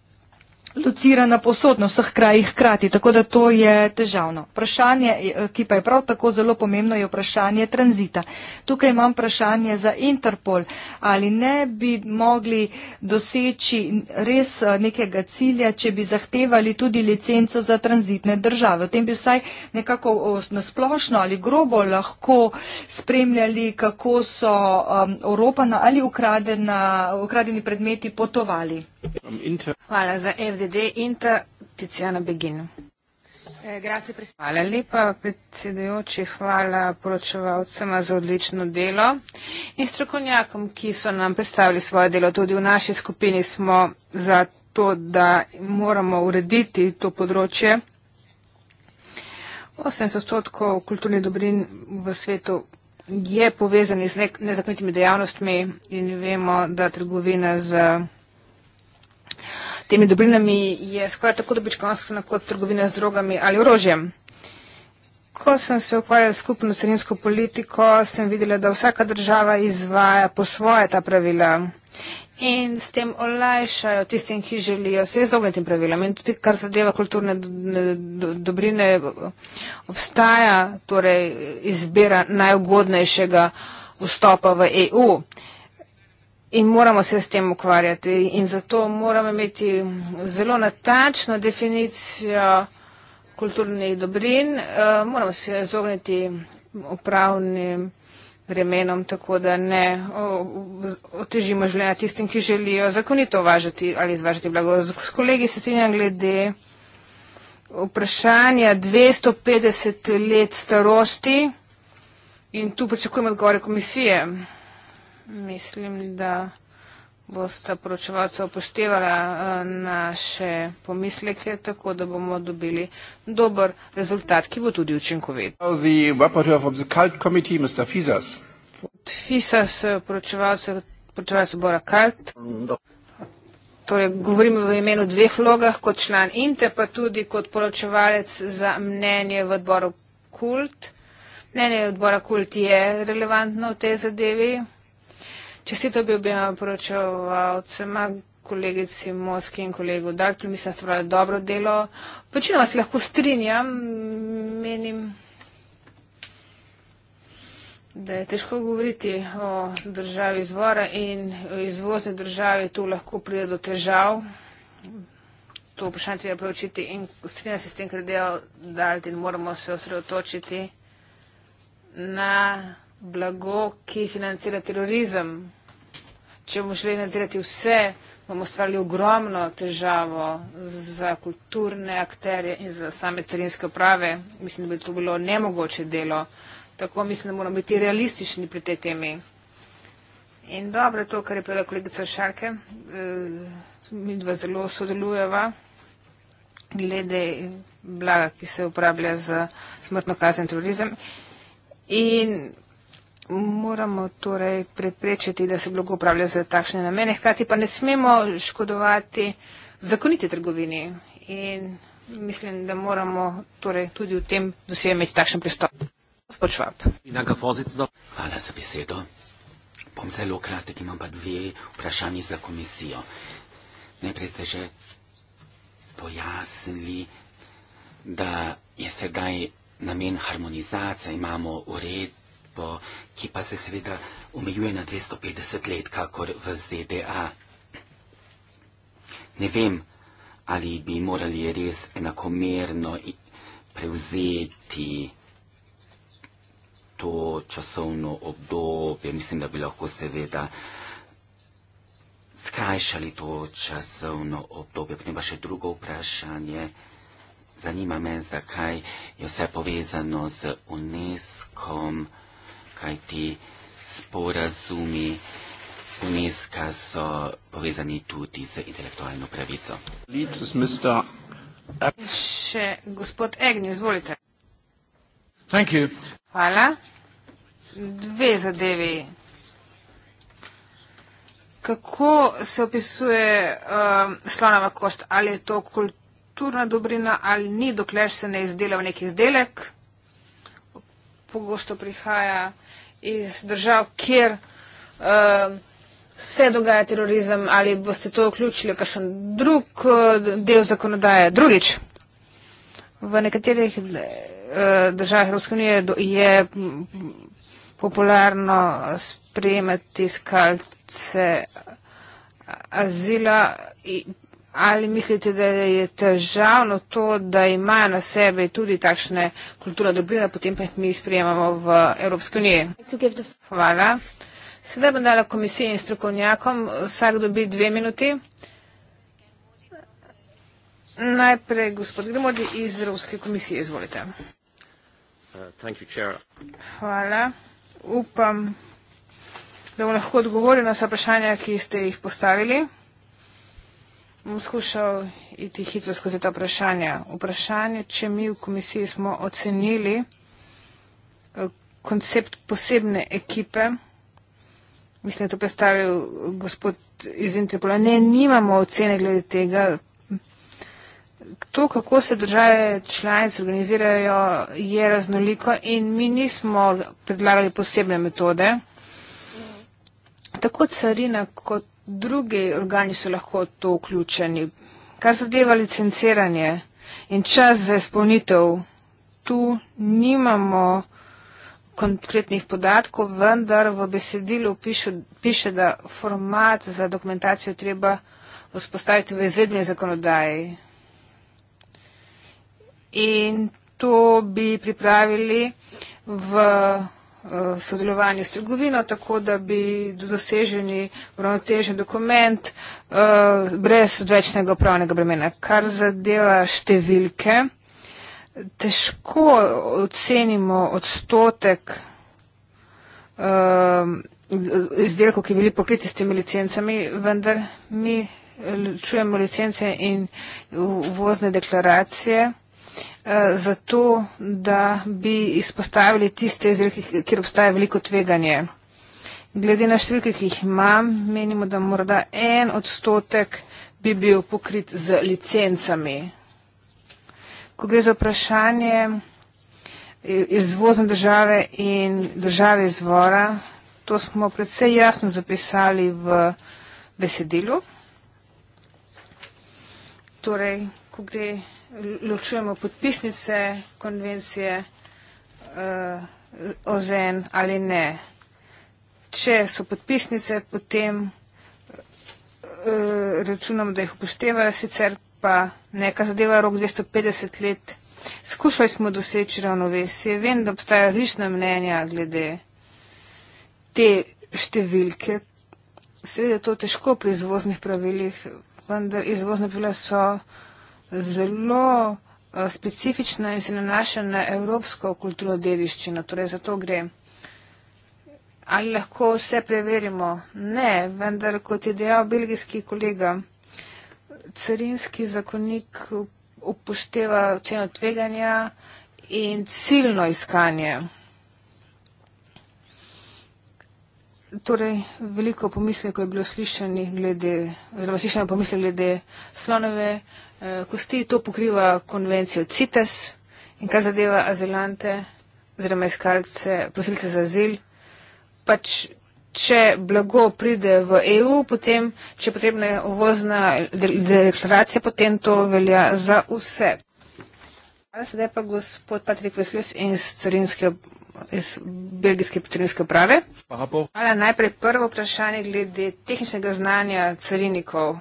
locirana posod na vseh krajih hkrati, tako da to je težavno. Vprašanje, eh, ki pa je prav tako zelo pomembno, je vprašanje tranzita. Tukaj imam vprašanje za Interpol. Ali ne bi mogli doseči res eh, nekega cilja, če bi zahtevali tudi licenco za tranzitne države? O tem bi vsaj nekako nasplošno ali grobo lahko spremljali, kako so um, eh, Evropana ali ukradena, ukradeni predmeti potovali. Hvala za FDD Inter, Tiziana Begin. Eh, grazie, hvala lepa, predsedujoči, hvala poročevalcema za odlično delo in strokovnjakom, ki so nam predstavili svoje delo. Tudi v naši skupini smo za to, da moramo urediti to področje. 80% kulturnih dobrin v svetu je povezani z nezakonitimi dejavnostmi in vemo, da trgovina z temi dobrinami je skoraj tako dobičkonosna kot trgovina z drogami ali orožjem. Ko sem se ukvarjala skupno carinsko politiko, sem videla, da vsaka država izvaja po svoje ta pravila in s tem olajšajo tistim, ki želijo se izogniti pravilom. In tudi, kar zadeva kulturne dobrine, obstaja torej izbira najugodnejšega vstopa v EU. Uh, In moramo se s tem ukvarjati. In zato moramo imeti zelo natačno definicijo kulturnih dobrin. Eh, moramo se izogniti upravnim vremenom, tako da ne otežimo življenja tistim, ki želijo zakonito uvažati ali izvažati blago. S kolegi se strinjam glede vprašanja 250 let starosti in tu pričakujem odgovore komisije mislim, da bosta poročevalca upoštevala eh, naše pomisleke, tako da bomo dobili dober rezultat, ki bo tudi učinkovit. Fisas, eh, poročevalca Bora Kalt. Torej, govorimo v imenu dveh vlogah, kot član INTE, pa tudi kot poročevalec za mnenje v odboru KULT. Mnenje odbora KULT je relevantno v tej zadevi. Čestito bi obema poročevalcema, kolegici Moski in kolegu Daltu, mislim, da ste pravili dobro delo. Večinoma se lahko strinjam, menim, da je težko govoriti o državi izvora in izvozni državi, tu lahko pride do težav. To vprašanje treba preučiti in strinjam se s tem, kar je delal Dalt in moramo se osredotočiti na blago, ki financira terorizem. Če bomo šli nadzirati vse, bomo stvarili ogromno težavo za kulturne akterje in za same carinske uprave. Mislim, da bi to bilo nemogoče delo. Tako mislim, da moramo biti realistični pri tej temi. In dobro je to, kar je povedala kolegica Šarke. Eh, Mi dva zelo sodelujeva glede blaga, ki se uporablja za smrtno kazen terorizem. In moramo torej preprečiti, da se blago upravlja za takšne namene, hkrati pa ne smemo škodovati zakoniti trgovini. In mislim, da moramo torej tudi v tem dosegu imeti takšen pristop. Gospod Švab. Hvala za besedo. Bom zelo kratek, imam pa dve vprašanji za komisijo. Najprej ste že pojasnili, da je sedaj namen harmonizacije, imamo ured, po, ki pa se seveda omejuje na 250 let, kakor v ZDA. Ne vem, ali bi morali res enakomerno prevzeti to časovno obdobje. Mislim, da bi lahko seveda skrajšali to časovno obdobje. Potem pa še drugo vprašanje. Zanima me, zakaj je vse povezano z UNESCO. -om kaj ti sporazumi UNESCO so povezani tudi z intelektualno pravico. Še gospod Egnjo, izvolite. Hvala. Dve zadevi. Kako se opisuje uh, um, slonova kost? Ali je to kulturna dobrina ali ni, dokler se ne izdela v neki izdelek? pogosto prihaja iz držav, kjer uh, se dogaja terorizem, ali boste to vključili v kakšen drug uh, del zakonodaje. Drugič, v nekaterih uh, državah Evropske unije je popularno sprejemati skalce azila. In, Ali mislite, da je težavno to, da ima na sebi tudi takšne kulturne dobrine, potem pa jih mi sprejemamo v Evropski uniji? Hvala. Sedaj bom dala komisiji in strokovnjakom, vsak dobi dve minuti. Najprej gospod Grimodi iz Evropske komisije, izvolite. Uh, Hvala. Upam, da bom lahko odgovoril na vse vprašanja, ki ste jih postavili bom skušal iti hitro skozi ta vprašanja. Vprašanje, če mi v komisiji smo ocenili eh, koncept posebne ekipe, mislim, da to predstavil gospod iz Interpola, ne, nimamo ocene glede tega. To, kako se države članice organizirajo, je raznoliko in mi nismo predlagali posebne metode. Tako carina kot drugi organi so lahko to vključeni. Kar zadeva licenciranje in čas za izpolnitev, tu nimamo konkretnih podatkov, vendar v besedilu piše, piše da format za dokumentacijo treba vzpostaviti v izvedbeni zakonodaji. In to bi pripravili v Eh, sodelovanju s trgovino, tako da bi doseženi uravnotežen dokument eh, brez odvečnega upravnega bremena. Kar zadeva številke, težko ocenimo odstotek eh, izdelkov, ki bili pokriti s temi licencami, vendar mi čujemo licence in uvozne deklaracije. Eh, zato da bi izpostavili tiste izdelke, kjer obstaja veliko tveganje. Glede na številke, ki jih imam, menimo, da morda en odstotek bi bil pokrit z licencami. Ko gre za vprašanje eh, izvozne države in države izvora, to smo predvsej jasno zapisali v besedilu. Torej, ko gre ločujemo podpisnice konvencije uh, eh, OZN ali ne. Če so podpisnice, potem uh, računamo, da jih upoštevajo, sicer pa neka zadeva rok 250 let. Skušali smo doseči ravnovesje. Vem, da obstaja različna mnenja glede te številke. Seveda je to težko pri izvoznih pravilih, vendar izvozne pravila so zelo eh, specifična in se nanaša na evropsko kulturno dediščino. Torej, za to gre. Ali lahko vse preverimo? Ne, vendar, kot je dejal belgijski kolega, carinski zakonik upošteva ceno tveganja in ciljno iskanje. Torej, veliko pomisleko je bilo slišanih glede, oziroma slišanih pomisle glede slonove eh, kosti. To pokriva konvencijo CITES in kar zadeva azilante, oziroma iskalce, prosilce za azil. Pač, če blago pride v EU, potem, če potrebna je uvozna deklaracija, potem to velja za vse. Hvala se lepa, gospod Patrik Vesljus iz carinske, iz belgijske carinske uprave. Hvala. Najprej prvo vprašanje glede tehničnega znanja carinikov.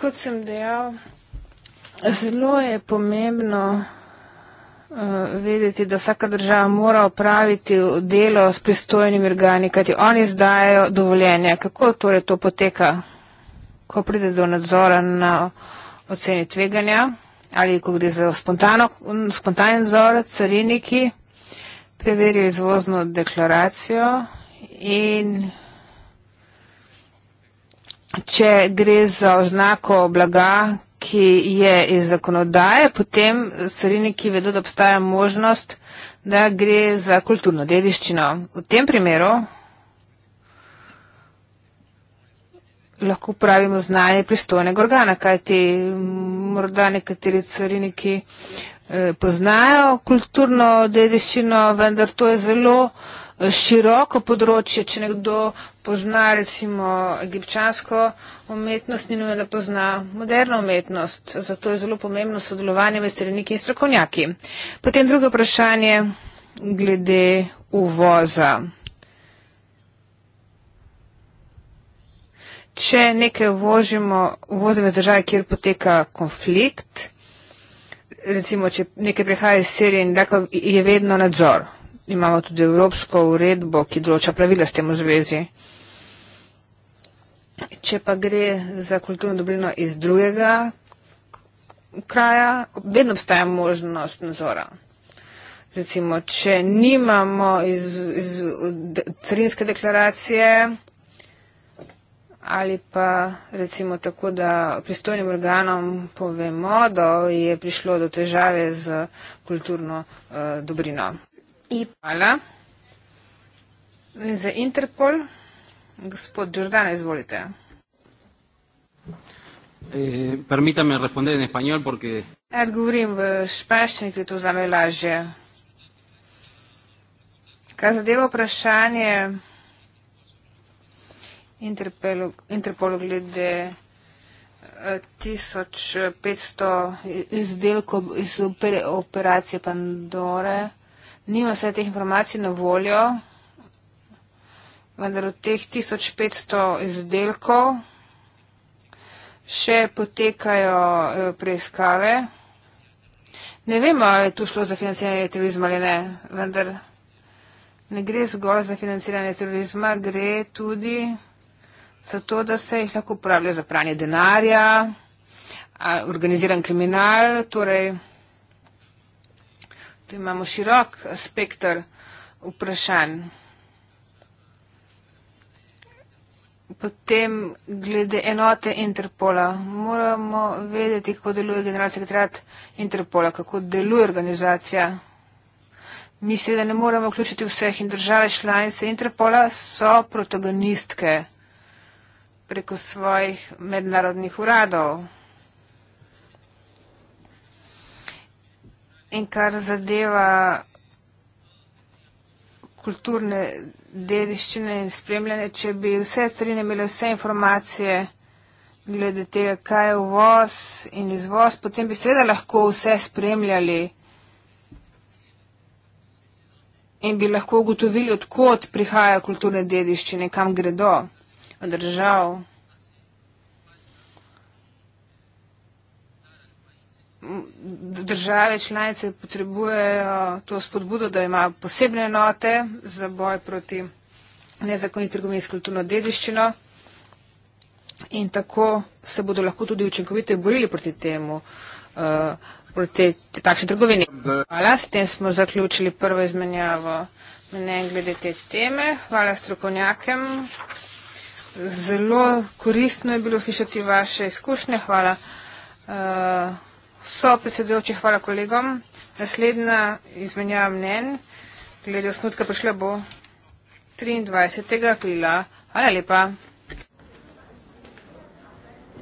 Kot sem dejal, zelo je pomembno eh, vedeti, da vsaka država mora opraviti delo s pristojnimi organi, kajti oni izdajajo dovoljenja. Kako torej to poteka, ko pride do nadzora na oceni tveganja ali ko gre za spontanen nadzor, cariniki preverijo izvozno deklaracijo in če gre za oznako blaga, ki je iz zakonodaje, potem cariniki vedo, da obstaja možnost, da gre za kulturno dediščino. V tem primeru lahko pravimo znanje pristojnega organa, kaj ti morda nekateri cariniki eh, poznajo kulturno dediščino, vendar to je zelo eh, široko področje, če nekdo pozna recimo egipčansko umetnost in ne da pozna moderno umetnost. Zato je zelo pomembno sodelovanje med cariniki in strokovnjaki. Potem drugo vprašanje glede uvoza. če nekaj uvožimo, uvozimo iz države, kjer poteka konflikt, recimo, če nekaj prihaja iz Sirije in tako, je vedno nadzor. Imamo tudi evropsko uredbo, ki določa pravila s tem v zvezi. Če pa gre za kulturno dobrino iz drugega kraja, vedno obstaja možnost nadzora. Recimo, če nimamo iz, iz carinske deklaracije, ali pa recimo tako, da pristojnim organom povemo, da je prišlo do težave z kulturno uh, dobrino. Hvala. Za Interpol, gospod Đordana, izvolite. Eh, odgovorim v španščini, ker je to za me lažje. Kar zadeva vprašanje. Interpolu glede 1500 eh, izdelkov iz operacije Pandore. Nima vse teh informacij na voljo, vendar od teh 1500 izdelkov še potekajo eh, preiskave. Ne vemo, ali je tu šlo za financiranje terorizma ali ne, vendar ne gre zgolj za financiranje terorizma, gre tudi zato da se jih lahko uporablja za pranje denarja, organiziran kriminal. Torej, tu imamo širok spektr vprašanj. Potem glede enote Interpola. Moramo vedeti, kako deluje generalni sekretariat Interpola, kako deluje organizacija. Mislim, da ne moremo vključiti vseh in države članice Interpola so protagonistke preko svojih mednarodnih uradov. In kar zadeva kulturne dediščine in spremljanje, če bi vse carine imele vse informacije glede tega, kaj je uvoz in izvoz, potem bi seveda lahko vse spremljali in bi lahko ugotovili, odkot prihajajo kulturne dediščine, kam gredo držav. Države članice potrebujejo to spodbudo, da imajo posebne note za boj proti nezakoniti trgovini s kulturno dediščino in tako se bodo lahko tudi učinkovito borili proti temu, uh, proti takšni trgovini. Hvala, s tem smo zaključili prvo izmenjavo mnenj glede te teme. Hvala strokovnjakem. Zelo koristno je bilo slišati vaše izkušnje. Hvala uh, eh, so predsedujoči, hvala kolegom. Naslednja izmenjava mnen glede osnutka prišla bo 23. aprila. Hvala lepa.